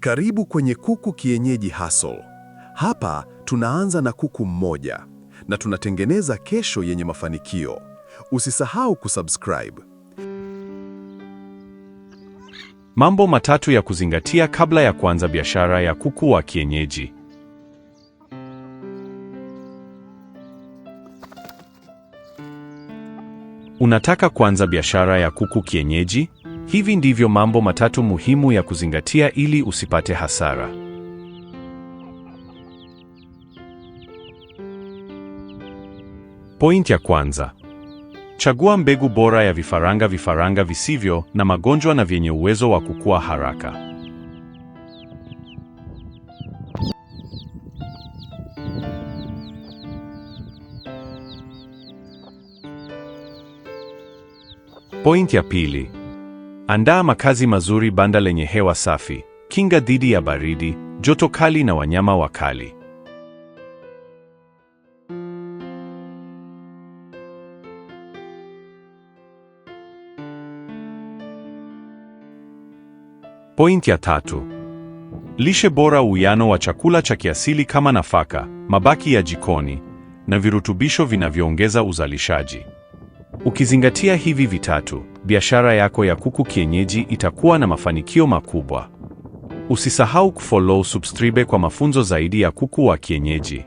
Karibu kwenye Kuku Kienyeji Hustle. Hapa tunaanza na kuku mmoja na tunatengeneza kesho yenye mafanikio. Usisahau kusubscribe. Mambo matatu ya kuzingatia kabla ya kuanza biashara ya kuku wa kienyeji. Unataka kuanza biashara ya kuku kienyeji? Hivi ndivyo mambo matatu muhimu ya kuzingatia ili usipate hasara. Point ya kwanza. Chagua mbegu bora ya vifaranga vifaranga visivyo na magonjwa na vyenye uwezo wa kukua haraka. Point ya pili. Andaa makazi mazuri, banda lenye hewa safi, kinga dhidi ya baridi, joto kali na wanyama wakali. Point ya tatu: lishe bora, uwiano wa chakula cha kiasili kama nafaka, mabaki ya jikoni na virutubisho vinavyoongeza uzalishaji. Ukizingatia hivi vitatu, biashara yako ya kuku kienyeji itakuwa na mafanikio makubwa. Usisahau kufollow subscribe kwa mafunzo zaidi ya kuku wa kienyeji.